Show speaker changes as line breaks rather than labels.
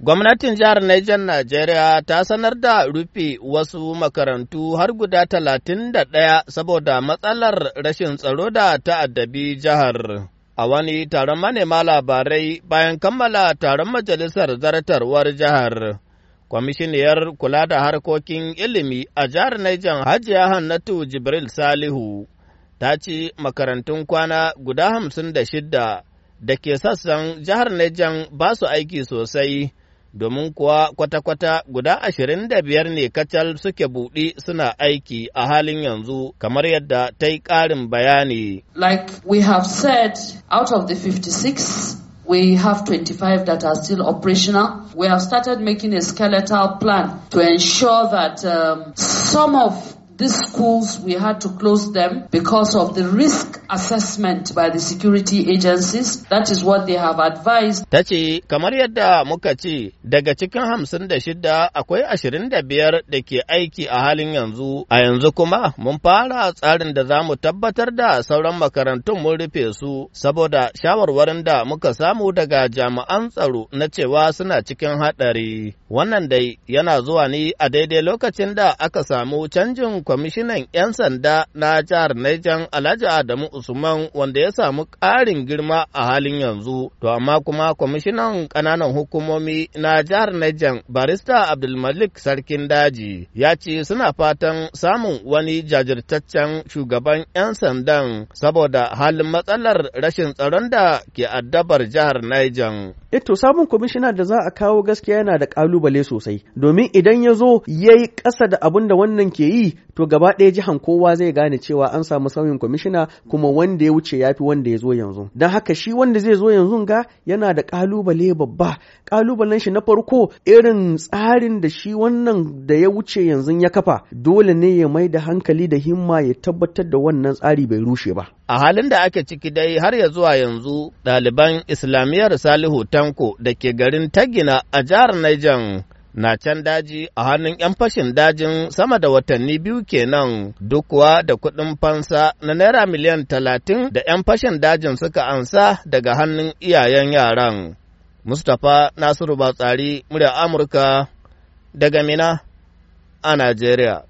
Gwamnatin jihar Niger Najeriya ta sanar da rufe wasu makarantu har guda talatin da ɗaya saboda matsalar rashin tsaro da ta'addabi jihar. A wani taron manema labarai bayan kammala taron majalisar zartarwar jihar. Kwamishiniyar kula da harkokin ilimi a jihar Niger Hajiya Hannatu Jibril Salihu ta ce makarantun kwana guda hamsin da shidda da ke sassan jihar Niger ba su aiki sosai. domin kuwa kwata-kwata guda ashirin da biyar ne kacal suke buɗi suna aiki a halin yanzu kamar yadda ta yi ƙarin bayani.
Like we have said, out of the 56 We have 25 that are still operational. We have started making a skeletal plan to ensure that um, some of These schools, we had to close them because of the risk assessment
by the security agencies. That is what they have advised. Ta ce, kamar yadda muka ce, daga cikin hamsin da shida akwai ashirin da biyar da ke aiki a halin yanzu. A yanzu kuma, mun fara tsarin da za mu tabbatar da sauran makarantun mun rufe su, saboda shawarwarin da muka samu daga jami'an tsaro na cewa suna cikin haɗari. Wannan dai yana zuwa ne a daidai lokacin da aka samu canjin kwamishinan 'yan sanda na jihar Niger Alhaji Adamu Usman wanda ya samu ƙarin girma a halin yanzu, to amma kuma kwamishinan ƙananan hukumomi na jihar Niger Barista Abdulmalik Sarkin Daji ya ce suna fatan samun wani jajirtaccen shugaban 'yan sandan saboda halin matsalar rashin tsaron da ke addabar jihar Niger.
Ito eh sabon kwamishina da za a kawo gaskiya yana da kalubale sosai domin idan ya zo ya yi ƙasa da abin da wannan ke yi to gaba ɗaya jihan kowa zai gane cewa an samu sauyin kwamishina kuma wanda ya wuce ya fi wanda ya zo yanzu don haka shi wanda zai zo yanzu ga yana da kalubale babba kalubalen shi na farko irin tsarin da shi wannan da ya wuce yanzu ya kafa dole ne ya mai da hankali da himma ya tabbatar da wannan tsari bai rushe ba
A halin da ake ciki dai har ya zuwa yanzu ɗaliban Islamiyyar Salihu Tanko da ke garin Tagina a jihar Niger na can daji a hannun 'yan fashin dajin sama da watanni biyu kenan duk kuwa da kuɗin fansa na naira miliyan talatin da 'yan fashin dajin suka ansa daga hannun iyayen yaran. Mustapha Nasiru Batsari, murya Amurka, daga Mina a Najeriya.